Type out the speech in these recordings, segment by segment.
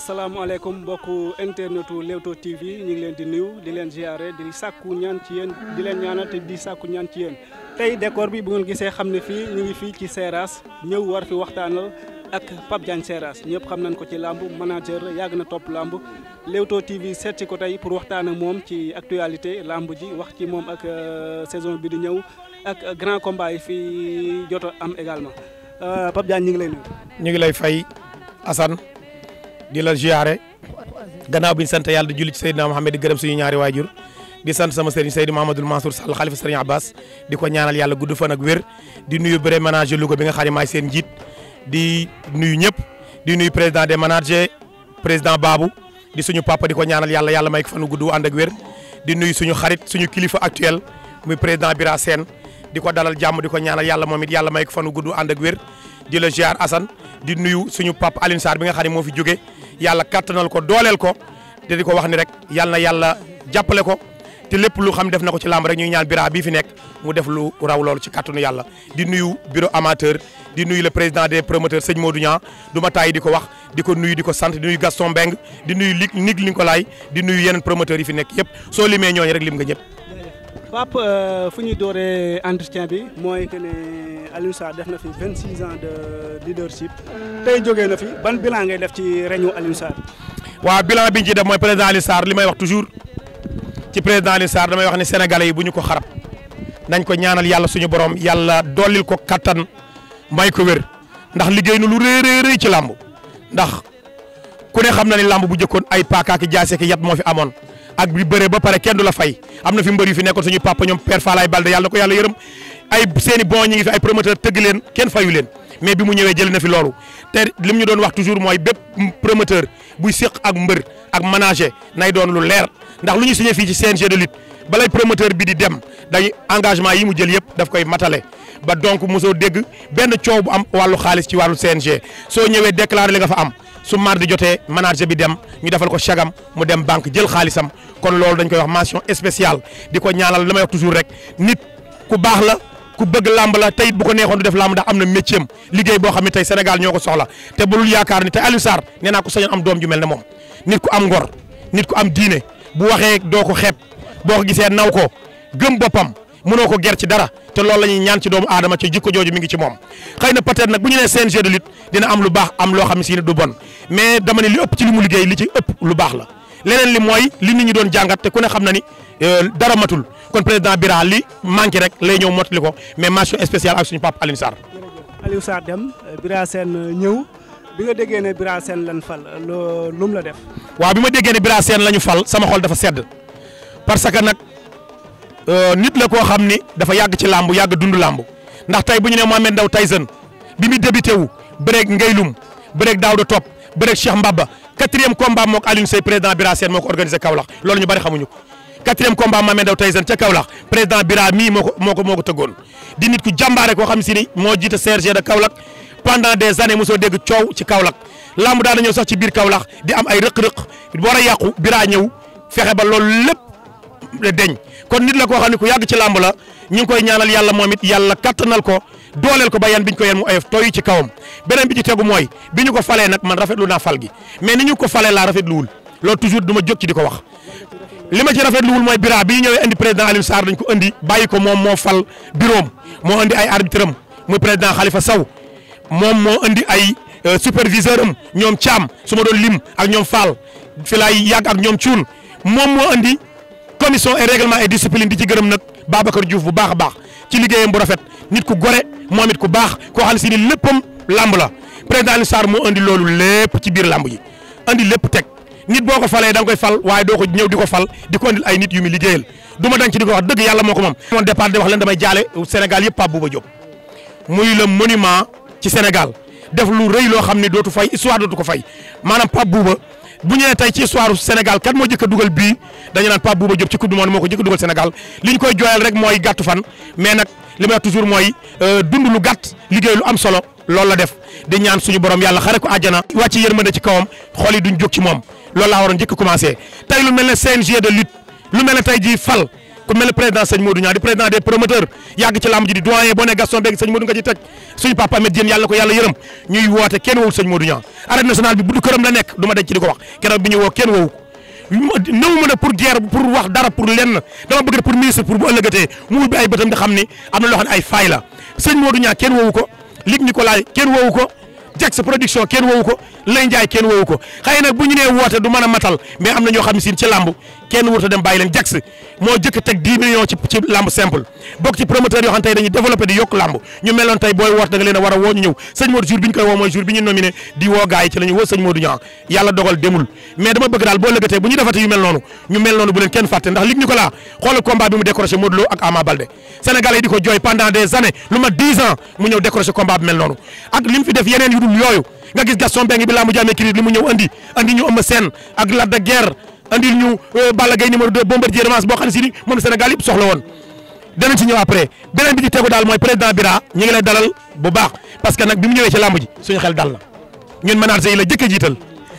asalaamaaleykum mbokku internetu Leewtoo TV ñu ngi leen di nuyu di leen ziare di sàkku ñaan ci yéen di leen ñaanal te di sàkku ñaan ci yéen tey décor bi bu ngeen gisee xam ne fii ñu ngi fii ci Seras ñëw war fi waxtaanal ak Pape Diagne Seras ñëpp xam nañ ko ci làmb manager yàgg na topp lamb Leewtoo TV seet si ko tey pour waxtaan ak moom ci actualité làmb ji wax ci moom ak euh, saison bi di ñëw ak grand combat yi fii jot am également euh, Pape Diagne ñu ngi lay nuyu. ñu ngi lay fay Assane. di la ziare gannaaw bi ñu sant yàlla di julli ci Seydina Mohamed di gërëm suñu ñaari waajur di sant sama sëriñ Seydou Mahamadul Mansour Sall xalifa sëriñ Abbas di ko ñaanal yàlla gudd fan ak wér di nuyu bëre manager Louga bi nga xam ne maay seen njiit di nuyu ñëpp di nuyu président des managers président Babou di suñu papa di ko ñaanal yàlla yàlla may ko fan gudd ànd ak nuyu suñu xarit suñu kilifa actuel mu président Bira Sène di ko dalal jàmm di ko ñaanal yàlla moom it yàlla may ko fan gudd ànd ak wér di la ziar Assane di nuyu suñu papa Alioune bi nga xam ne moo fi jóge yàlla kattanal ko dooleel ko te di ko wax ni rek yàlla na yàlla jàppale ko te lépp lu xam def na ko ci làmb rek ñuy ñaan bira bii fi nekk mu def lu raw lool ci kattanu yàlla di nuyu bureau amateur di nuyu le président des promoteurs sëñ Modou Niang du ma taay di ko wax di ko nuyu di ko sant di nuyu Gaston Mbengue di nuyu lig nig li ko laay di nuyu yeneen promoteurs yi fi nekk yëpp soo limee ñooñu rek lim nga ñëpp Pape euh, fu ñuy dooree entretien bi mooy que ne Aliou def na fi 26 ans de leadership tey jógee na fi ban bilan ngay def ci réñu Aliou waaw bilan bi ñu ciy def mooy président Aliou Sarr li may wax toujours ci président Aliou Sarr damay wax ne sénégalais yi bu ñu ko xarab nañ ko ñaanal yàlla suñu borom yàlla dollil ko kattan may ko wér ndax liggéey nu lu rëy rëy ci làmb ndax ku ne xam na ne làmb bu jëkkoon ay paaka ak jaase ak yat moo fi amoon. ak bi bëree ba pare kenn du la fay am na fi mbër yu fi nekkoon suñu papa ñoom père Falaye Balde yàlla na ko yàlla yërëm ay seen i bon ñi ngi leen kenn fayu leen mais bi ñëwee jël fi loolu te lim ñu wax toujours mooy bépp promoteur buy séq ak mbër ak manager nay doon lu leer ndax lu ñu signé fii ci CNG de lutte balay promoteur bi di dem dañuy engagement yi mu jël yëpp daf koy matale ba donc mosoo dégg benn coow bu am wàllu xaalis ci wàllu CNG soo ñëwee déclaré li nga fa am su mardi jotee manager bi dem ñu defal ko chagam mu dem banque jël xaalisam kon loolu dañ koy wax mention spéciale di ko ñaanal la may wax toujours rek nit ku baax la ku bëgg làmb la tey bu ko neexoon du def làmb ndax am na métier am liggéey boo xam ne tey Sénégal ñoo ko soxla te bu dul yaakaar ni te Aliou Sarr nee naa ko am doom ju mel ne moom nit ku am ngor nit ku am diine bu waxee doo ko xeeb boo ko gisee naw ko gëm boppam mënoo ko ger ci dara te lool la ñuy ñaan ci doomu aadama ci jikko jooju mu ngi ci moom xëy na peut-être nag bu ñu nee CNG de lutte dina am lu baax am loo xam si ne du bon mais dama ne li ëpp ci li mu liggéey li ci ëpp lu baax la leneen li mooy li nit ñi doon jàngat te ku ne xam na ni euh, dara matul kon président Bira li manqué rek lay ñëw mottali ko mais mention spéciale ak suñu papa Alioune Sarr. Aliou Sarr dem Bira Sène euh, ñëw bi nga déggee ne Bira Sène lañ fal euh, la def. waaw bi ma déggee ne Bira Sène lañu fal sama xol dafa sedd Euh, nit la koo xam ni dafa yàgg ci làmb yàgg dund làmb ndax tey bu ñu nee Mohamed Ndao Tyson bi mu débuté wu bëreeg Ngaylum bëreeg Daouda Top bëreeg Cheikh Mbaba quatrième combat moog Alioune Seye président Bira Sène moo ko organisé Kaolack loolu ñu bari xamuñu ko quatrième combat Mohamed Ndao Tyson ca Kaolack président Bira mii moo ko moo ko moo ko tëggoon di nit ku jàmbaare koo xam si ni moo jiite CRG de Kaolack pendant des années mosoo dégg coow ci Kaolack lamb daan na ñëw sax ci biir Kaolack di am ay rëq-rëq war a yàqu Bira ñëw fexe ba loolu lépp deñ kon nit la ko xam ne ku yàgg ci làmb la ñu ngi koy ñaanal yàlla moom it yàlla kattanal ko dooleel ko ba yan bi biñ ko yan mu ayof tooy ci kawam beneen bi ci tegu mooy bi ñu ko falee nag man rafetlu naa fal gi mais ni ñu ko falee laa rafetluwul loolu toujours du ma jóg ci di ko wax. li ma ci rafetluwul mooy biraa bi ñëwee indi président Alioune Sarr dañ ko indi bàyyi ko moom moo fal bureau moo andi ay arbitre am muy président Khalifa saw moom moo indi ay euh, superviseur am ñoom Thiam su ma doon lim ak ñoom Fall fi laay yàgg ak ñoom Thioune moom moo indi. commission et règlement et discipline di ci gërëm nag Babacar Diouf bu baax a baax ci liggéeyam bu rafet nit ku gore moom it ku baax koo xam ne si léppam làmb la président Alioune Sarr moo andi loolu lépp ci biir làmb yi andi lépp teg nit boo ko falee da nga koy fal waaye doo ko ñëw di ko fal di ko andil ay nit yu muy liggéeyal du ma dañ ci di ko wax dëgg yàlla moo ko moom. moom départ di wax leen damay jaale Sénégal yëpp Pape Bouba Diop muy le monument ci Sénégal def lu rëy loo xam ne dootu fay histoire dootu ko fay bu ñëwee tey ci histoire Sénégal kat moo jëkk dugal bii dañu naan Pape Bouba Diop ci coupe du monde moo ko jëkk a dugal Sénégal li ñu koy jooyal rek mooy gàttu fan mais nag li may wax toujours mooy euh, dund lu gàtt liggéey lu am solo loolu la def di ñaan suñu borom yàlla xare ko àjjana wàcc yërmande ci kawam xool yi duñ jóg ci moom loolu laa waroon njëkk commencé tey lu mel ne CNG de lutte lu mel ne tey jii fal ku mel ne président sëñ Modou Niang kenn wowul sëñ Modou Niang arène nationale nekk du ma wax pour wax dara pour lenn dama bëgg pour ministre pour bu ëllëgatee mu ubbi ay bëtam di xam ni am na loo xam ay faay la sëñ Modou Niang kenn wowu ko Luc Nicolaï kenn wowu ko Jax production kenn wowu ko kenn wowu ko xëy na bu ñu nee woote du mën a matal mais am na ñoo xam ne sin ci làmb kenn wurta dem bàyyi leen jax moo jëkk teg 10 millions ci ci lamb simple bokk ci promoteur yoo xam tey dañuy développé di yokk lamb ñu meloon tey booy woot da leen a war a woo ñu ñëw sëñ Modou jour bi ñu koy di woo gars ci la woo sëñ Modou ñu defate bu leen kenn fàtte ndax Luc Nicolas xoolal combat bi mu décroché Modou Lo ak Ama Baldé Sénégalais yi di ko jooy pendant des années lu ma 10 mu ñëw décroché combat bi mel ak li fi def yeneen yu dul yooyu nga andil ñu euh, Balla Gaye numéro 2 Bombardier revanche boo xam ne si ni moom Sénégal yëpp soxla woon danañ ci ñëw après beneen bi ci tegu daal mooy président Bira ñu ngi lay dalal bu baax parce que nag bi mu ñëwee ci làmb ji suñu xel dal na ñun manager yi la jëkk jiital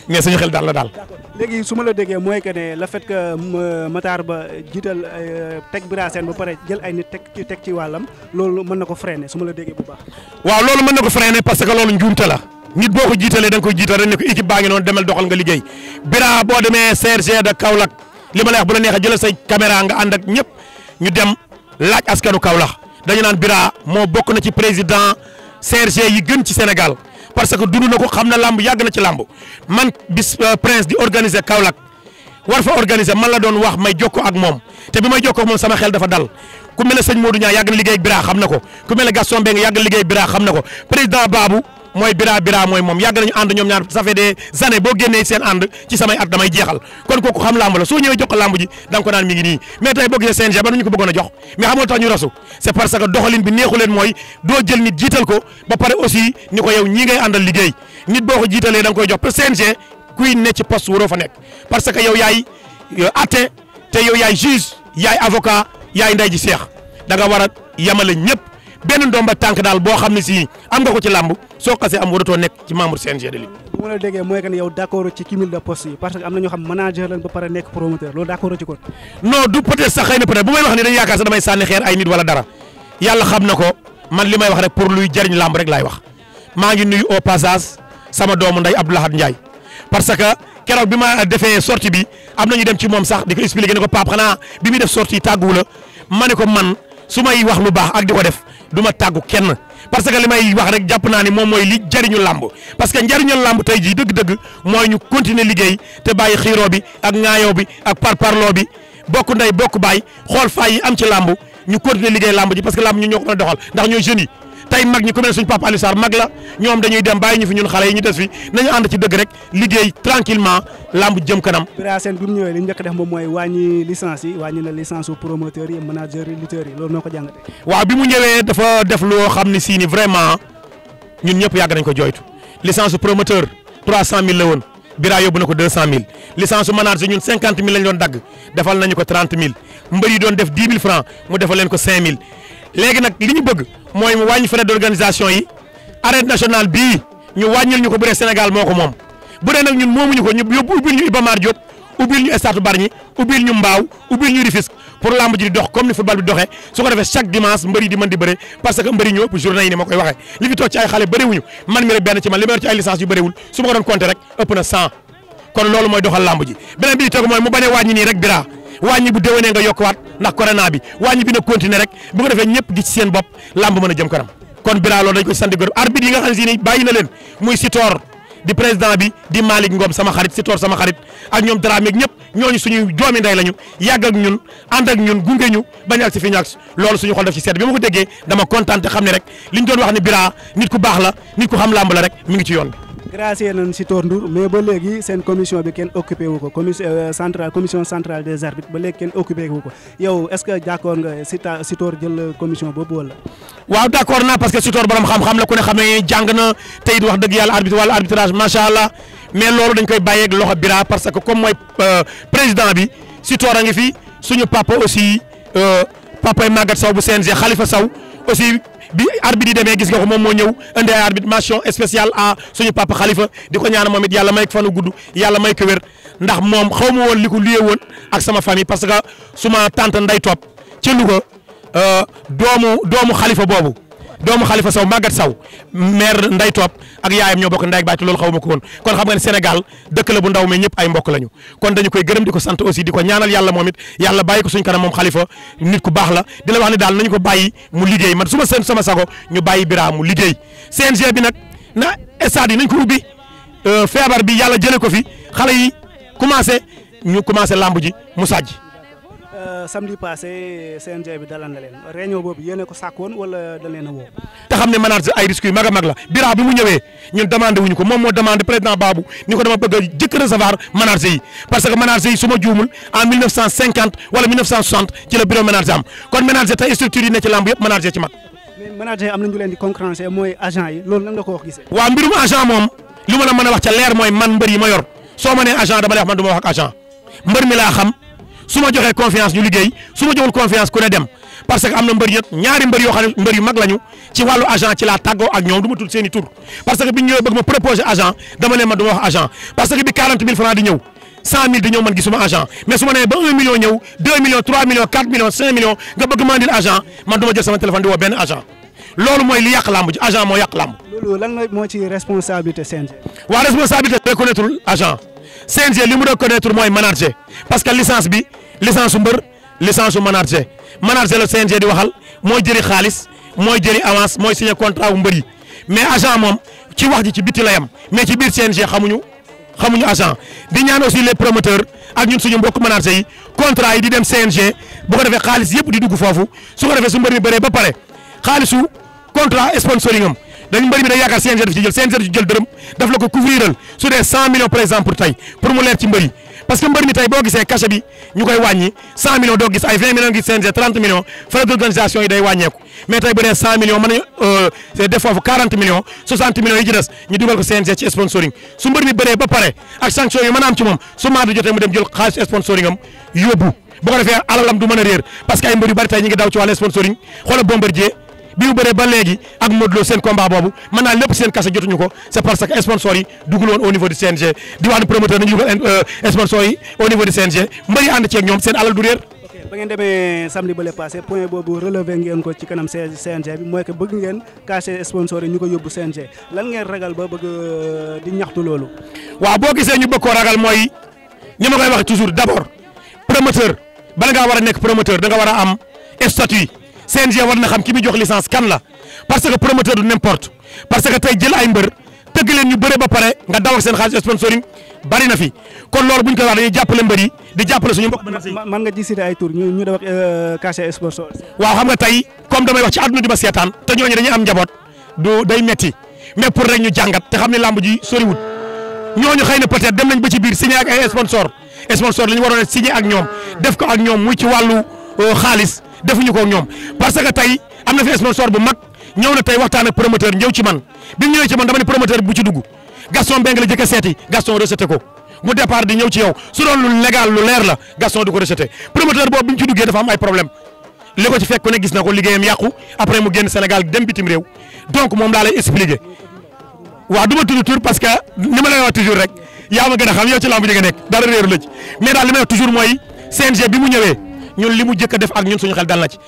mais suñu xel dal la daal. léegi su ma la déggee mooy que ne la fekk que euh, Ba jiital euh, teg Bira Sène ba pare jël ay nit teg ci teg ci wàllam loolu mën na ko freiner su ma la déggee bu baax. waaw parce que loolu njuumte la. nit boo ko jiitalee da nga koy jiital rek ne ko équipe baa ngi noonu demel doxal nga liggéey bira boo demee CRG de Kaolack li ma la wax bu la neexee jëlal say caméra nga ànd ñëpp ñu dem laaj askanu Kaolack dañu naan bira moo bokk na ci président CRG yi gën ci Sénégal parce que dundu na ko xam na làmb yàgg na ci làmb man bis euh, prince di organiser Kaolack war fa organiser man la doon wax may jokko ak moom te bi may jokko ak moom sama xel dafa dal ku mel ne sëñ Modou Niang yàgg na liggéey ak xam na ko ku mel ne Gaston Mbengue yàgg na liggéey biraa xam na ko mooy Bira Bira mooy moom yàgg nañu ànd ñoom ñaar ça fait des boo génnee seen ànd ci samay at damay jeexal kon kooku xam lamb la soo ñëwee jox ko lamb ji da nga ko naan mi ngi nii mais tey boo gisee CNG ba nu ñu ko bëggoon a jox mais xamul tax ñu rasu c'est parce que doxalin bi neexu leen mooy doo jël nit jiital ko ba pare aussi ni ko yow ñii ngay àndal liggéey nit boo ko jiitalee da koy jox CNG kuy ne ci poste waroo fa nekk parce que yow yaay euh, atte te yow yaay juge yaay avocat yaay nday ji seex da nga war a yamale ñëpp benn ndomba tànk daal boo xam ne si am nga ko ci làmb soo xasee am waratoo nekk ci membre CNG de lutte. bu ma la déggee mooy que ne yow d' accord ci cumul de poste yi parce que am na ko man li may wax rek pour luy jëriñ làmb rek laay wax maa ngi nuyu au passage sama doomu nday Abdoulahad Ndiaye parce que keroog bi ma defee sortie bi am na ñu dem ci moom sax di ko expliquer ne ko Pape xanaa bi muy def sortie tàgguwu la ma ne ko man su may wax lu baax ak di ko def du ma tàggu kenn parce que li may wax rek jàpp naa ni moom mooy li jariñu làmb parce que njariñu làmb tey jii dëgg-dëgg mooy ñu continuer liggéey te bàyyi xiiro bi ak ŋaayoo bi ak parparloo bi bokk ndey bokk baay xool fay yi am ci làmb ñu continuer liggéey làmb ji parce que làmb ñu ñoo ko mën a doxal ndax ñooy jeunes yi tey mag ñi ku mel ne suñ papa Alioune Sarr mag la ñoom dañuy dem bàyyi ñu fi ñun xale yi ñu des fi nañu ànd ci dëgg rek liggéey tranquillement lamb jëm kanam. Bira Sène bi mu ñëwee li ñu njëkk def moom mooy wàññi licence yi wàññi na licence su promoteurs yi managers waaw bi mu ñëwee dafa def loo xam ne sii ni vraiment ñun ñëpp yàgg nañ ko jooytu licence su promoteur 300000 la woon Bira yóbbu na ko 200000 licence su manager ñun 50000 lañ doon dagg defal nañu ko 30000 mbër yi doon def 10 000 mu defal leen ko 5000 léegi nag li ñu bëgg mooy mu wàññi frais d'organisation yi arène nationale bii ñu wàññil ñu ko bu dee Sénégal moo ko moom bu dee nag ñun moomuñu ko ñu yóbbu ubbil ñu Iba Mar Diop ñu stade Bargny ubbil ñu Mbaaw ubbil ñu Rufisque pour lamb di dox comme ni football bi doxee su ko defee chaque dimanche mbëri di mën di bëre parce que mbëri ñoo ëpp journée yi ni ma koy waxee li fi toog ci ay xale bëriwuñu man mi rek benn ci man li ma yor ci ay licence yu bëriwul mooy doxal lamb ji beneen bi tegu mooy mu nii rek bira wàññi bu déwénee nga yokkwaat ndax corona bi wàññi bi na continuer rek bu ko defee ñëpp gis ci seen bopp làmb mën a jëm kanam kon Bira loolu dañ koy sant gërëm nga xam bàyyi na leen muy Sitor di président bi di Malick Ngom sama xarit Sitor sama xarit ak ñoom Dramé ak ñëpp ñooñu suñu doomi ndey lañu yàgg ak ñun ànd ak ñun gungee ñu bañ ak fi ñàkk loolu suñu xol def ci seet bi ma ko déggee dama kontaan te xam ne rek liñ doon wax ne Bira nit ku baax la nit ku xam làmb la rek mu ngi ci yoon gracié nañ si Sitor Ndour mais ba léegi seen commission bi kenn occupé wu ko commission euh, centrale commission centrale des arbitres ba léegi kenn occupé wu ko yow est-ce que d'accord nga si ta Sitor jël commission boobu wala. waaw d'accord naa parce que Sitor borom xam-xam la ku ne xam ne jàng na te wax dëgg yàlla arbitre wàllu arbitrage macha allah mais loolu dañ koy bàyyeeg loxo bira parce que comme mooy euh, président bi Sitor a ngi fi suñu papa aussi euh, papay Maguette Sow bu CNG Khalifa Sow. aussi bi arbitre yi demee gis nga ko moom moo ñëw indi ay arbitre mention spéciale suñu papa Khalifa di ko ñaan moom it yàlla may fan fanu gudd yàlla may ko wér ndax moom xaw ma woon li ko luyee woon ak sama famille parce que suma tante nday topp ci Louga euh, doomu doomu Khalifa boobu doomu Khalifa Sow Maguette saw maire Ndeye Top ak yaayam ñoo bokk ndey ak baay te loolu xaw ma ko woon kon xam nga ne Sénégal dëkk la bu ndaw mais ñëpp ay mbokk lañu kon dañu koy gërëm di ko sant aussi di ko ñaanal yàlla moom it yàlla bàyyi ko suñ kanam moom Khalifa nit ku baax la di la wax ne daal nañu ko bàyyi mu liggéey man su ma seen sama sago ñu bàyyi Bira mu liggéey CNG bi nag na stade yi nañ ko ubbi euh, feebar bi yàlla jëlee ko fi xale yi commencé ñu commencé lamb ji mu sàjj Euh, samedi passé CNG bi dalal na leen réunion boobu yéen a ko sàkkoon wala da leen a woo. te xam ne manaat ay risques yu a mag la bira mu ñëwee ñun demandé wuñu ko moom moo demandé président Babou ni ko dama bëgg a jëkk recevoir manaat yi parce que manaat yi su ma juumul en 1950 wala 1960 ci la bureau manaat am kon manaat tey structure yi ne ci lamb yëpp manaat ci mag. mais manaat am na ñu leen agent wax moom li ma la mën a wax ca leer mooy man mbër yi ma yor soo ma nee agent dama lay wax laa xam su ma joxee confiance ñu liggéey su ma joxul confiance ku ne dem parce que am na mbër yëpp ñaari mbër yoo xam ne mbër yu mag lañu ci wàllu agent ci laa tàggoo ak ñoom du ma tudd seen parce que bi ñu ñëwee bëgg ma proposé agent dama ne ma wax agent parce que bi 40 000 francs di ñëw di ñëw man gisuma agent mais su ma nee ba 1 million ñëw 2 millions 3 millions 4 millions 5 millions nga bëgg mandil agent man du ma sama téléphone di woo benn li yàq làmb agent moo yàq làmb. loolu lan moo ci responsabilité CNG. waa agent. CNG li mu reconnaître mooy manager parce que licence bi licence su mbër licence su manager manager la CNG di waxal mooy jëri xaalis mooy jëri avance mooy signé contrat wu mbër yi mais agent moom ci wax ji ci biti la yam mais ci biir CNG xamuñu xamuñu agent di ñaan aussi les promoteurs ak ñun suñu mbokk manager yi contrat yi di dem CNG bu ko xaalis yëpp di dugg foofu su ko defee su mbër mi bëree ba pare xaalisu contrat sponsoring am dañ mbëri bi day yaakaar CNG daf ci jël CNG daf ci jël dërëm daf la ko su dee 100 millions par exemple pour tey mu leer ci mbëri parce que mbër mi tey boo gisee cachet bi ñu koy yi day wàññeeku mais tey bu dee 100 millions mën nañu def foofu 40 millions 60 millions sponsoring su mbër mi bëree ba pare ak sanction yu mën ci moom su maadu jotee mu dem jël xaalis sponsoring am yóbbu ko defee alalam du mën a parce que ay mbër bari tey ñu ngi daw ci bi mu bëree ba léegi ak Modou Lo seen combat boobu mën naa lépp seen kase jotuñu ko c' parce que sponsors yi duggul woon au niveau du CNG diwaanu promoteur nañu dugal euh, sponsors yi au niveau du CNG mbëri ànd ceeg ñoom seen mooy que bëgg ngeen caché ñu ko yóbbu CNG lan ngeen ragal ba bëgg euh, di ñaxtu loolu. waaw boo gisee ñu bëgg koo ragal mooy ñi ma koy wax toujours d' abord promoteur bala ngaa war a nekk promoteur da nga war a am statut CNG war na xam ki muy jox licence kan la parce que promoteur du n'importe parce que tey jël ay mbër tëgg leen ñu bëre ba pare nga daw ak seen xaalis sponsoring bari na fi kon loolu bu ñu koy wax dañuy jàppale mbër yi di jàppale suñu mbokk. man nga ci euh, cité xam nga tey comme damay wax ci àdduna di ma seetaan te ñooñu dañuy am njaboot du day metti mais pour rek ñu jàngat te xam ne làmb ji soriwut ñooñu xëy na peut-être dem nañ ba ci biir signé ak ay sponsor sponsor la ñu waroon a ak ñoom def ko ak ñoom muy ci wàllu euh, xaalis defuñu ko ñoom parce que tey am na fi sponsor bu mag ñëw na tey waxtaan ak promoteur ñëw ci man bi mu ñëwee ci man dama ne promoteur bu ci dugg Gaston Mbengue la jëkk seeti Gaston rejeté ko mu départ di ñëw ci yow su lu légal lu leer la Gaston du ko rejeté promoteur boobu bi mu ci duggee dafa am ay problème li ko ci gis na ko liggéeyam yàqu après mu génn Sénégal dem bitim réew donc moom laa lay expliquer du ma tudd tur parce que a xam yow ci lamb ji mooy CNG bi ñun li mu jëkk a def ak ñun suñu xel dal na ci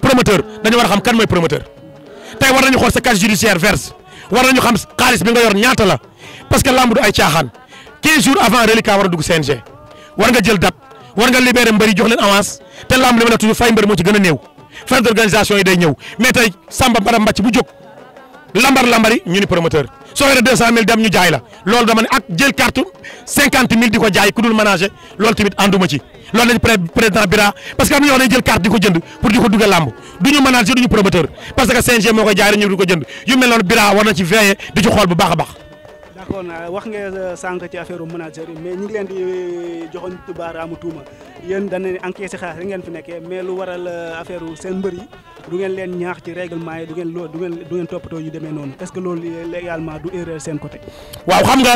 promoteur dañu war a xam kan mooy promoteur tey war nañu xool sa casier judiciaire verse war nañu xam xaalis bi nga yor ñaata la parce que lamb du ay caaxaan 15 jours avant reliquat war a war nga jël date war jox leen avance te lamb li ma la toujours fay mbër moo ci gën a néew d'organisation yi day ñëw mais tey Samba Bara Mbàcc bu jóg lambar lambari ñu promoteur soo yoree 200000 dem ñu jaay la loolu dama ne ak jël carte di ko jaay ku dul ménager loolu tamit ànduma loolu lañ président Bira parce que am na yoo xam ne jël carte di ko jënd pour di ko dugal làmb du ñu manager du ñu promoteur parce que CNG moo koy jaay ñu di ko jënd yu mel noonu Bira war na ci veiller di ci xool bu baax baax. d'accord wax nga euh, sànq ci affaire manager yi mais ngi leen di euh, joxoon baaraamu tuuma yéen dañ ne ngeen fi nekkee mais lu waral euh, affaire seen mbër yi du leen ñaax ci règlement yi du ngeen loo du ngeen du ngeen toppatoo yu demee noonu est-ce que loolu légalement du erreur seen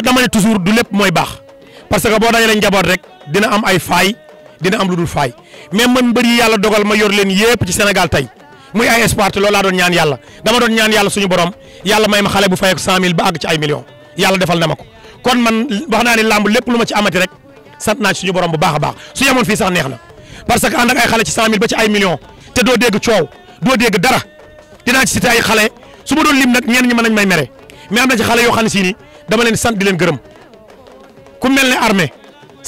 dama ne toujours du lépp mooy baax parce que boo dajalee njaboot rek dina am ay failles dina am lu dul faay mais man mbër yi yàlla dogal ma yor leen yépp ci Sénégal tey muy ay espoir te loolu laa doon ñaan yàlla dama doon ñaan yàlla suñu borom yàlla may ma xale bu fay ak 100000 ba àgg ci ay millions yàlla defal na ma ko kon man wax naa ne làmb lépp lu ma ci amati rek sant naa ci suñu borom bu baax a baax su yemoon fii sax neex na parce que ànd ak ay xale ci 100000 ba ci ay millions te doo dégg coow doo dégg dara dinaa ci cité ay xale su ma doon lim nag ñenn ñi mën nañ may mere mais am na xale yoo xam ne si ni dama leen sant di leen gërëm ku mel ne armée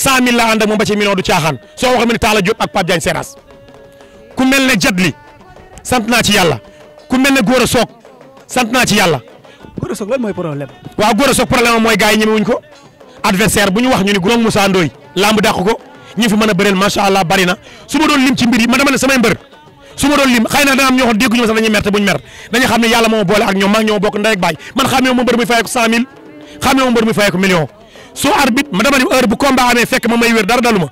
cent mille la ànd ak moom ba ci million du caaxaan soo waxee mu ne Talla Diop ak Pape Diagne Seras ku mel ne Jadli sant naa ci yàlla ku mel ne Gora Sock sant naa ci yàlla. Gora Sock lan mooy problème. mooy gars ñemewuñ ko adversaire bu ñu wax ñu ni Grom Moussa Ndoye lamb dàq ko ñi fi mën a bëreel macha allah bari na su doon lim ci mbir yi ma dama ne samay mbër. su ma doon lim xëy na dana am ñoo xam dégguñu ma sax dañuy mer te buñ mer dañuy xam ne yàlla moo boole ñoom maa ngi ñoo bokk ndey ak baay man xamee wu ma su arbitre ma dama ni heure bu combat fekk ma may wér dara daluma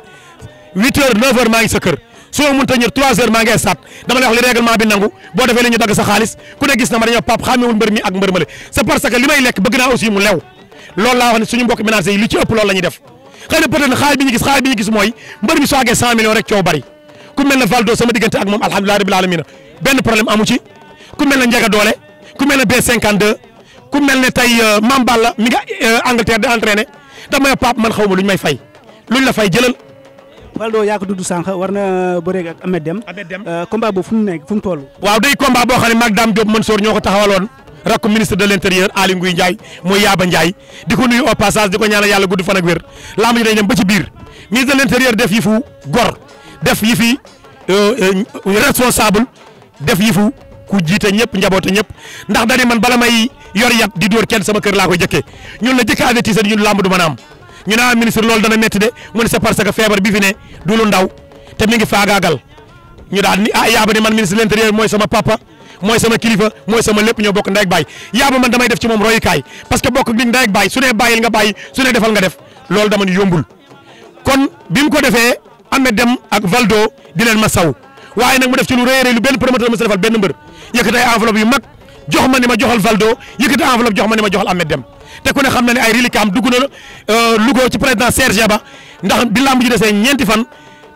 huit heures maa ngi sa kër su ma mënta ñëw maa ngi saat dama lay wax li règlement bi nangu boo defee li ñu dagg sa xaalis ku ne gis na ma dañoo pap xàmmewul mbër mi ak mbër ma le c'est parce que li may lekk bëgg naa aussi mu lew loolu laa wax ne suñu mbokk ménager yi lu ci ëpp loolu la ñuy def xëy na xaalis bi ñu gis mooy mbër mi soo àggee cent rek coow bari ku mel na Valdo damay Pape man xaw ma luñ may fay luñ la fay jëlal. Valdo yaa ko dudd sànq war na bëreeg ak dem Deme. Ahmed Deme euh, combat boobu fu mu nekk fu mu toll. waaw day boo xam ne mag Dame man Mansour ñoo ko taxawaloon rakk ministre de l' intérieur Aly Ngouille Ndiaye mooy Yaaba Ndiaye di ko nuyu au passage di ko ñaanal yàlla gudd fan ak wér lamb ji day ba ci biir ministre de l' intérieur def yi fu gor def yi fi euh, euh, responsable def yi fu ku jiita ñëpp njaboote ñëpp ndax dañu man bala may yor yat di dóor kenn sama kër laa koy jëkkee ñun la jëkk avertise ñun làmb du mën a am ñu ne ah, ministre loolu dana métti de mu ne parce que feebar bi fi ndaw te mi faagaagal ñu ni ah, man ministre de mooy sama papa mooy sama kilifa mooy sama lépp ñoo bokk ndey ak baay yaaba man damay def ci moom royukaay parce que bokk nit ndey ak baay su ne nga bàyyi su defal nga def loolu dama ni yombul kon bi mu ko defee Ahmed Deme ak Valdo a rëy lu a jox ma ni ma joxal Valdo yëkkati enveloppe jox ma ni ma joxal Ahmed Deme te ku ne xam na ne ay reliquats am dugg na euh, Louga ci président Serge Ba ndax bi lamb ji desee ñeenti fan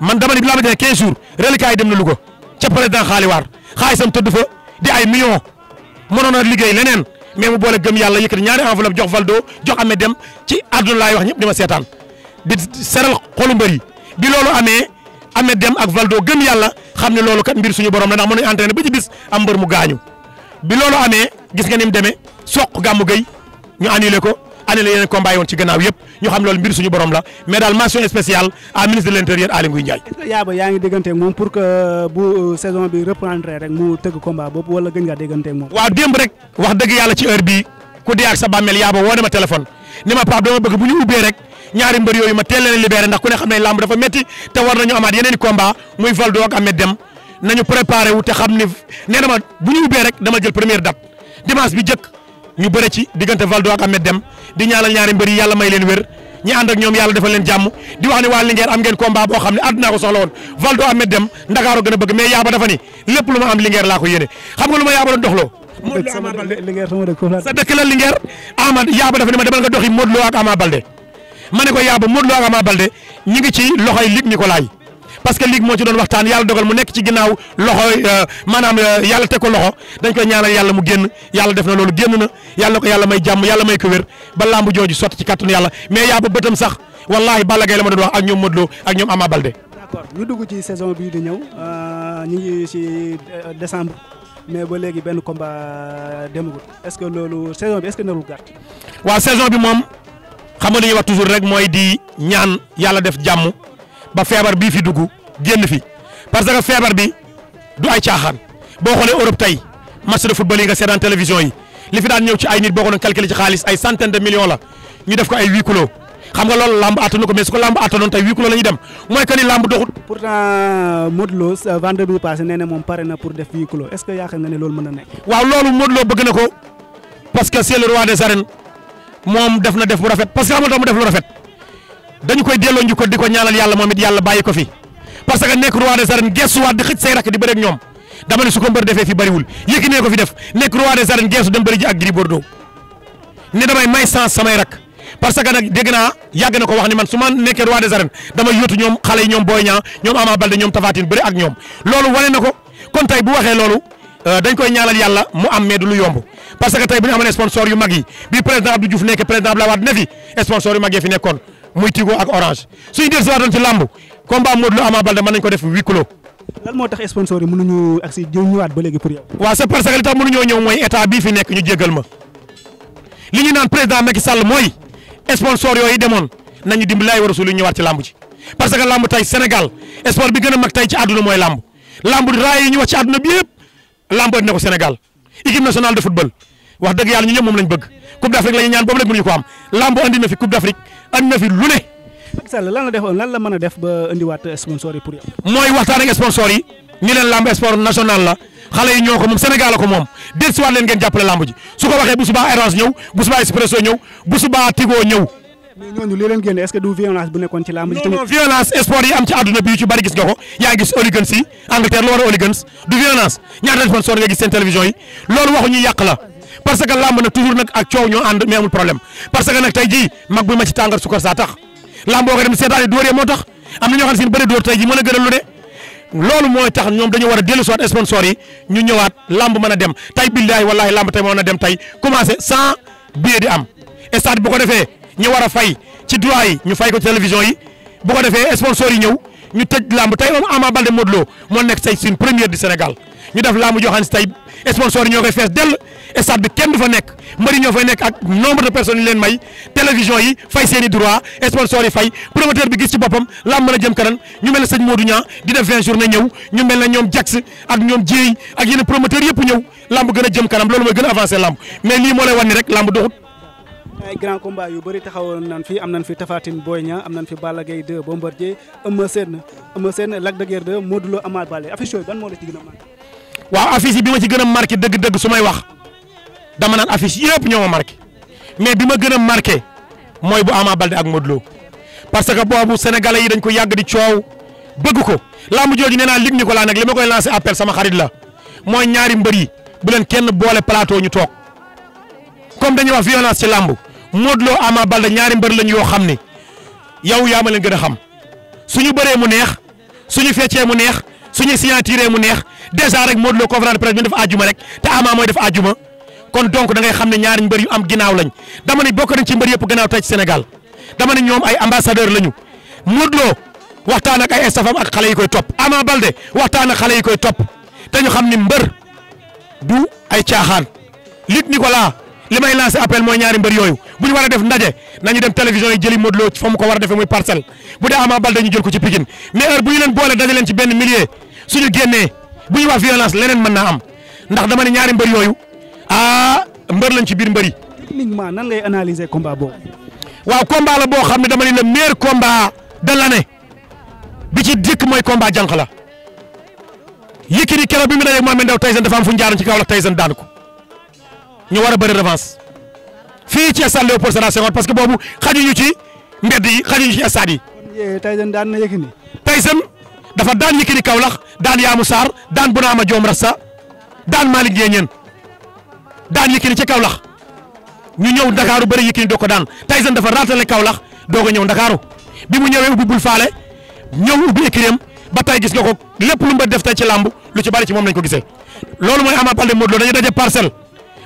man dama ni bi lamb ji desee 15 jours reliquats yi dem na Louga ca président xaaliwaar xaalisam tëdd fa di ay millions mënoon a liggéey leneen mais mu boole gëm yàlla yëkkati ñaari enveloppe jox Valdo jox Ahmed Deme ci àdduna laay wax ñëpp di ma seetaan di seral yi bi loolu amee Ahmed Deme ak Valdo gëm yàlla xam ne loolu mbir suñu borom la ndax mënuñ entraîné ba ci bis am mbër mu gaañu. bi loolu amee gis nga ni mu demee soq gàmmu gay ñu annulé ko annulé yeneen combat yi woon ci gannaaw yëpp ñu xam loolu mbir suñu borom la mais daal mention spéciale ministre de l' intérieur Aly Ngouille yaaba yaa ngi dégganteeg moom pour que euh, bu euh, saison bi reprendre rek mu tëgg combat boobu wala moom. waaw démb rek wax dëgg yàlla ci heure bii ku dee ak sa bàmmeel yaaba woo téléphone ni ma Pape dama bëgg bu ñu ubbee rek. ñaari mbër yooyu ma teel leen libéré ndax ku ne xam ne làmb dafa métti te war nañu amaat yeneen i combat muy Valdo Dem nañu préparé wu te xam ne nee na ma bu ñu ubbee rek dama jël première date dimanche bi jëkk ñu bëre ci diggante Valdo ak Ahmed Dem di ñaanal ñaari mbër yi yàlla may leen wér ñi ànd ak ñoom yàlla defal leen jàmm di wax ne waa Linguère am ngeen combat oo xam ne àdduna ko soxla woon Valdo Ahmed Dem Ndakaaru gën a bëgg mais yaaba dafa lépp lu ma am Linguère laa ko yéene xam nga lu ma yaaba doon doxloo sa dëkk la Linguère Ama yaaba dafa ni ma demal nga doxi Modou ko yaaba parce que ligue moo ci doon waxtaan yàlla dogal mu nekk ci ginnaaw loxo euh, maanaam euh, yàlla teg ko loxo dañ koy ñaanal yàlla mu génn yàlla def na loolu génn na yàlla na ko yàlla may jàmm yàlla may ko wér ba làmb jooju sotti ci kàttanu yàlla mais yaa ba bëtam sax wallahi Balla Gaye la ma doon wax ak ñoom Modou Lo ak ñoom Ama Baldé. d'accord ñu dugg ci saison bii di ñëw euh, ñu ngi ci décembre mais ba léegi benn combat demagul est-ce que loolu saison bi est-ce que narul gàtt. waaw saison bi moom xam nga dañuy wax toujours rek mooy di ñaan yàlla def jàmm. ba feebar bii fi dugg génn fi parce que feebar bi du ay caaxaan boo xoolee Europe tey match de football yi nga seetaan télévision yi li daan ñëw ci ay nit boo ko doon calculer ci xaalis ay centaine de millions la ñu def ko ay huis clos xam nga loolu lamb attanu ko mais su ko lamb attanoon tey huis clos la ñuy dem mooy que lamb doxut. pourtant Modou vendredi bi passé moom pare pour def huis clos est ce que yaakaar nga ne loolu mën na waaw dañu koy delloo njukkal di ko ñaanal yàlla moom it yàlla bàyyi ko fi parce que nekk roi des arènes geesuwaat di xëj say rakk di bëre ak ñoom dama ne su ko mbër defee fi bëriwul yëkki ko fi def nekk roi des arènes geesu dem bëri ak Gris Bordeaux ne damay may sens samay rakk parce que nag dégg naa yàgg na ko wax ni man su ma nekkee roi des arènes dama yóotu ñoom xale yi ñoom Boy Niang ñoom Ama Baldé ñoom Tapha Tine ak ñoom loolu wane ko euh, yàlla mu am mais du lu yomb muy Tigo ak Orange suñu def si waatoon ci làmb combat Modou Lo Ama Baldé mën nañu ko def huis clos. lan moo tax sponsor yi mënuñu ak si ñëwaat ba léegi pour yow. waaw c'est parce que li tax mënuñoo ñëw mooy état bii fi nekk ñu jégal ma li ñu naan président Macky Sall mooy sponsor yooyu demoon nañu dimb laay war a suul ñu ñëwaat ci làmb ji. parce que làmb tey Sénégal sport bi gën a mag tey ci adduna mooy làmb làmb raay yi ñu wax ci àdduna bi yëpp làmb na ko Sénégal équipe nationale de football wax dëgg yàlla ñu ñëpp moom lañ bëgg coupe d'Afrique la ñu ñaan boobu nag mënuñu ko am lamb andi na fi coupe d'Afrique andi na fi lu ne. lan la defoon lan la mën a def ba andiwaat sponsor yi pour yow. mooy waxtaan ak sponsor yi ñu leen lamb sport national la xale yi ñoo ko moom Sénégal ko moom déet si waat leen ngeen jàppale lamb ji su ko waxee bu subaa Orange ñëw bu subaa Expresso ñëw bu subaa Tigo ñëw. mais ñooñu yi am ci àdduna bi yu ci bari gis nga ko yaa gis oligans yi Angleterre lu war a du violence parce que làmb nag toujours nag ak coow ñoo ànd mais amul problème parce que nag tey jii mag bi ma ci tàngal sukar saa tax làmb boo ko dem seetaane dóoree moo tax am na ñoo xam ne seen bëri dóor tey jii mën a gënal lu ne loolu mooy tax ñoom dañu war a dellu soit yi ñu ñëwaat làmb mën a dem tey billaay wallaay làmb tey moo mën a dem tey commencé sans billet di am stade bu ko defee ñu war a fay ci droit yi ñu fay ko ci télévision yi bu ko defee sponsor yi ñëw ñu tëj làmb tey moom Ama Baldé Modou Lo moo nekk tey suñ première du Sénégal ñu def laamu joxaan si tey sponsor yi ñoo koy fees dell stade bi kenn du fa nekk mbëri ñoo fay nekk ak nombre de personnes yu leen may télévision yi fay seen i droit sponsor yi fay promoteur bi gis ci boppam lamb mën jëm kanam ñu mel ne moo Modou Niang di def 20 jours ñëw ñu mel ne ñoom Jax ak ñoom Dieye ak yeneen promoteurs yëpp ñëw lamb gën a jëm kanam loolu mooy gën a avancé lamb mais lii moo lay wan ni rek lamb doxut. ay grand combat yu bëri taxawoon nan fi am nan fi Tapha Tine am nan fi Balla Gaye 2 Bombardier Eumeu Sène Eumeu Sène Lac de Guiers 2 Modou Lo a waaw affiche yi bi ma ci gën a marqué dëgg-dëgg su may wax dama naan affiche yëpp ñoo ma marqué mais bi ma gën a marqué mooy bu am a Baldé ak Modou parce que boobu sénégalais yi dañ ko yàgg di coow bëgg ko làmb jooju nee naa ko laa nag li ma koy lancé appel sama xarit la mooy ñaari mbër yi bu leen kenn boole plateau ñu toog comme dañuy wax violence ci làmb Modou Lo Ama Baldé ñaari mbër lañ yoo xam ni yow yaa ma leen gën a xam suñu mu neex suñu feccee mu neex. suñu signature mu neex déjà rek Modou Lo conférence de presse bi def ajuma rek te Ama mooy def ajuma kon donc dangay xam ne ñaari mbër yu am ginnaaw lañ dama ne bokk nañ ci mbër yëpp gannaaw tey ci Sénégal dama ne ñoom ay ambassadeur lañu Modou Lo waxtaan ak ay stafam ak xale yi koy topp Ama Baldé waxtaan ak xale yi koy topp te ñu xam ne mbër du ay caaxaan Luc Nicolas li may lancé appel mooy ñaari mbër yooyu bu ñu war a def ndaje nañu dem télévision yi jëli Modou Lo fa mu ko war a defee muy parcelle bu dee Ama Baldé ñu jël ko ci Pikine mais heure bu boole daje leen ci benn millier suñu génnee bu ñu wax leneen mën naa am ndax dama ne ñaari mbër yooyu ah mbër lañ ci biir mbër yi. techniquement nan ngay analyser combat boobu. waaw combat la boo xam ne dama ne le meilleur combat de bi ci dikk mooy combat jànq la Yékini keroog bi mu dajeeg Mohamed Ndao ko. ñu war a bëri revanche fii ci stade Léopold Sédar Senghor parce que boobu xajuñu ci mbedd yi xajuñu ci stade yi. kon Tyson daan na Yékini. Tyson dafa daan Yékini Kaolack daan Yaamu Sarr daan Bunaama Joom Rasta daan Malick Guéñeen daan Yékini ca Kaolack ñu ñëw Ndakaaru bëri Yékini doo ko daan Tyson dafa raatale Kaolack doog a ñëw Ndakaaru bi mu ñëwee ubbi bul faale ñëw ubbi écurie ba gis nga ko lépp lu mu def tey ci làmb lu ci bari ci moom lañ ko gisee loolu mooy Ama Baldé Modou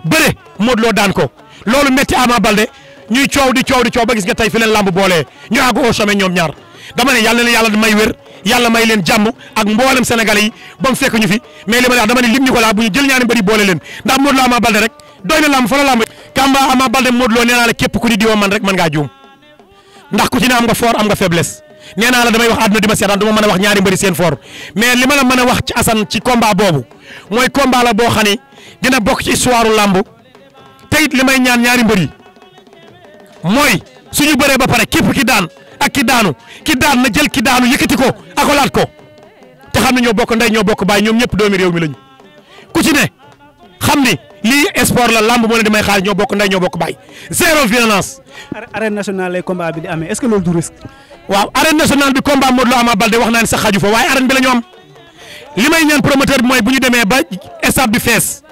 bëre Modou Lo daan ko loolu métti Ama Balde ñuy coow di coow di coow ba gis nga tey fi leen làmb boolee ñu àggu au sommet ñoom ñaar dama ne yàlla na yàlla may wér yàlla may leen jàmm ak mboolem sénégalais yi ba mu fekk ñu fi mais li ma wax dama ne lim ñu ko leen ndax Modou Lo Ama Balde rek doy na la làmb ku ni diwoo man rek ngaa juum ndax ku ci ne am nga naa la damay wax àdduna di ma a wax ñaari mbëri seen fort mais li ma la mën a wax ci Assane ci combat boobu mooy combat la boo xam ne dina bokk ci histoire làmb te it li may ñaan ñaari mbër yi mooy suñu bëree ba pare képp ki daan ak ki daanu ki daan na jël ki daanu yëkkati ko akolaat ko te xam ne ñoo bokk ndey ñoo bokk baay ñoom ñëpp doomi réew mi lañu ku ci ne xam ni lii sport la lamb moo ne damay xaar ñoo bokk ndey ñoo bokk baay zéro violence. arène nationale lay combat bi di amee est du risque. waaw arène nationale bi wax naa ne sax xaju fa li may ñaan promoteur bi mooy bu ñu demee ba stade bi fees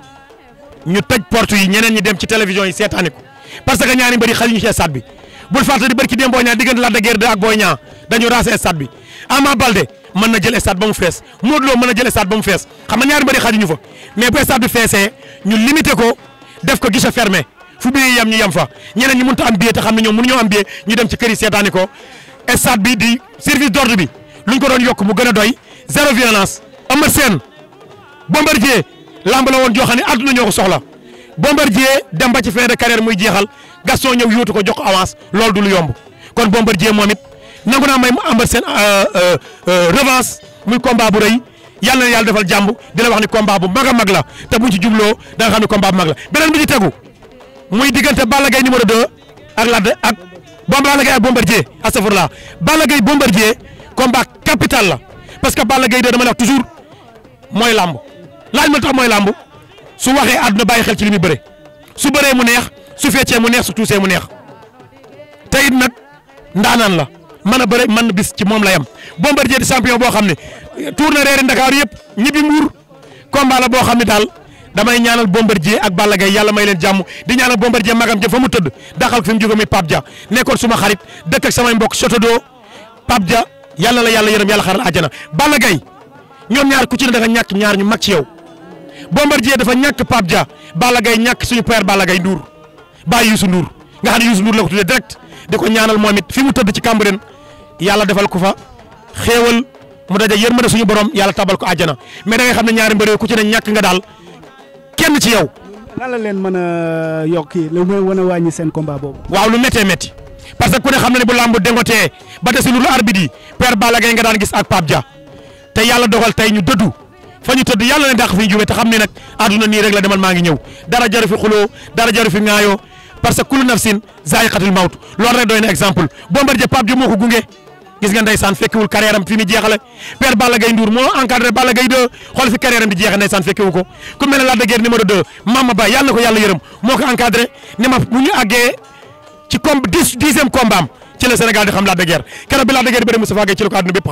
ñu tëj porte yi ñeneen ñi dem ci télévision yi seetaani ko parce que ñaari mbëri xajuñu ci stade bi bul fàttali di bërki dem boo ñaa diggante Lac de Guiers 2 ak dañu raase stade bi Ama Baldé mën na jël stade ba mu fees Modou Lo mën na jël stade ba mu fees xam nga ñaari mbëri xajuñu fa mais bu stade bi feesee ñu limité ko def ko guichet fermé fu biir yam ñu yam fa ñeneen ñi mënut am billet te xam ne ñoom ñoo am billet ñu dem ci kër yi ko doon yokk mu gën a doy lamb la woon joo xam ne àdduna ñoo ko soxla Bombardier dem ba ci fin de carrière muy jeexal Gaston ñëw yóotu ko jox ko avance loolu du lu yomb kon Bombardier moom it nangu naa may mu ambal seen euh, euh, euh, revanche muy combat bu rëy yàlla na yàlla defal jàmb di la wax ni combat bu mag a mag la te buñ ci jubloo da xam ne combat bu mag la beneen bi ci tegu muy diggante Balla Gaye numéro 2 ak Ladd ak Balla Gaye ak Bombardier astafurlah Balla Gaye Bombardier combat capital la parce que Balla Gaye de dama la wax toujours mooy lamb. laaj ma tax mooy làmb su waxee àdduna bàyyi xel ci li mu bëre su bëree mu neex su feccee mu neex su tuusee mu neex te it nag ndaanaan la man a bëre mën bis ci moom la yam Bombardier di champion boo xam ne tour na reeri Ndakaaru yëpp ñibbi Mbuur combat la boo xam ne daal damay ñaanal Bombardier ak Balla Gaye yàlla may leen jàmm di ñaanal Bombardier magam ja fa mu tëdd daxal ko fi mu jóge muy Pape nekkoon suma xarit dëkk ak samay mbokk Sotodo Pape Dia yàlla la yàlla yërëm yàlla xaral àjjana Balla Gaye ñoom ñaar ku ci da nga ñaar ñu mag ci yow Bombardier dafa ñàkk Pape Dia Balla Gaye ñàkk suñu père Balla Gaye Ndour bàyyi Youssou Ndour nga xam ne Youssou Ndour la ko tuddee direct di ko ñaanal moom fi mu tëdd ci Cambérène yàlla defal ko fa xéewal mu daje yërmande suñu borom yàlla tabal ko àjjana mais da xam ne ñaari mbër ku ci ne ñàkk nga daal kenn ci yow. lan la leen mën a euh, yokk lu muy wan wàññi seen combat boobu. waaw lu méttee métti parce que ko ne xam na ne bu làmb dengotee ba desul lu arbitre yi père Balla Gaye nga daan gis ak Pape Dia te yàlla dogal tey ñu dëddu fa ñu tëdd yàlla ne dàq fi ñu jubee te xam ne nag àdduna nii rek la demal maa ngi ñëw dara jaru fi xuloo dara jaru fi ŋaayoo parce que kullu nafsin zaayiqatul mawt loolu rek doy na exemple Bombardier Pape Diop moo ko gunge gis nga ndeysaan fekkiwul carrière fi mu jeexale père Balla Gaye Ndour moo encadré Balla Gaye 2 xool fi carrière am di jeexee ndeysaan fekkiwu ko ku ne Lac de Guiers na ko yàlla yërëm moo ko encadré ma bu ñu àggee ci com ko àdduna bépp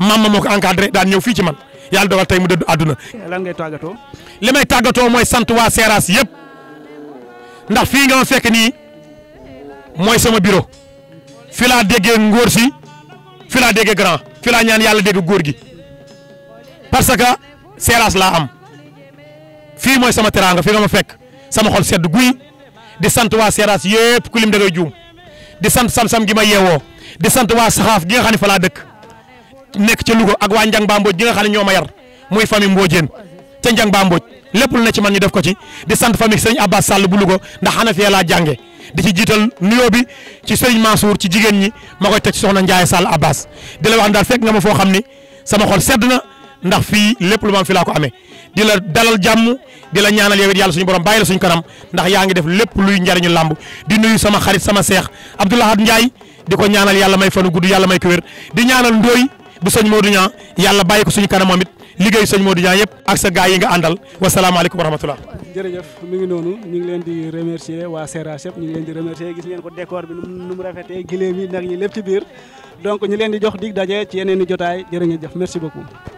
moo ko encadré fii ci man yàlla dogal tey mu dëddu àdduna. lan ngay tàggatoo. li may tàggatoo mooy sant waa Seras yëpp ndax fii nga ma fekk nii mooy sama bureau fi laa déggee ngóor si fi laa déggee grand fi laa ñaan yàlla dégg góor gi parce que Seras laa am fii mooy sama teraanga fi nga ma fekk sama xol sedd guy di sant waa Seras yëpp ku lim da ngay juum di sant sam-sam gi ma yeewoo di sant waa saxaaf gi nga xam ne dëkk. nekk ca Louga ak waa Njang Ba Mbodj gi nga xam ne ñoo ma yar muy famille Mbodjeen ca Njang Ba Mbodj lépp lu ne ci man ñi def ko ci di sant famille sëñ Abbas Sall bu Louga ndax xana fee laa jànge di ci jiital nuyoo bi ci sëriñ Mansour ci jigéen ñi ma koy teg ci soxna Ndiaye Sall Abbas di la wax daal fekk nga ma foo xam ni sama xol sedd na ndax fii lépp lu ma fi laa ko amee di la dalal jàmm di la ñaanal yow it yàlla suñu borom bàyyi la suñu kanam ndax yaa ngi def lépp luy njariñu làmb di nuyu sama xarit sama seex Abdoulahad Ndiaye di ko ñaanal yàlla may fanu gudd yàlla may ko wér di ñaanal ndooy bu sëñ Modou Niang yàlla bàyyi ko suñu kanam moom it liggéey sëñ Modou Niang yëpp ak sa gaay yi nga àndal wa wasalaamaaleykum wa rahmatulah. jërëjëf mi ngi noonu ñu ngi leen di remercier waa Seras yëpp ñu ngi leen di remercier gis ngeen ko décor bi nu mu rafetee gileem yi nag ñi lépp ci biir donc ñu leen di jox dig daje ci yeneen di jotaay jërë ngeen jëf merci beaucoup.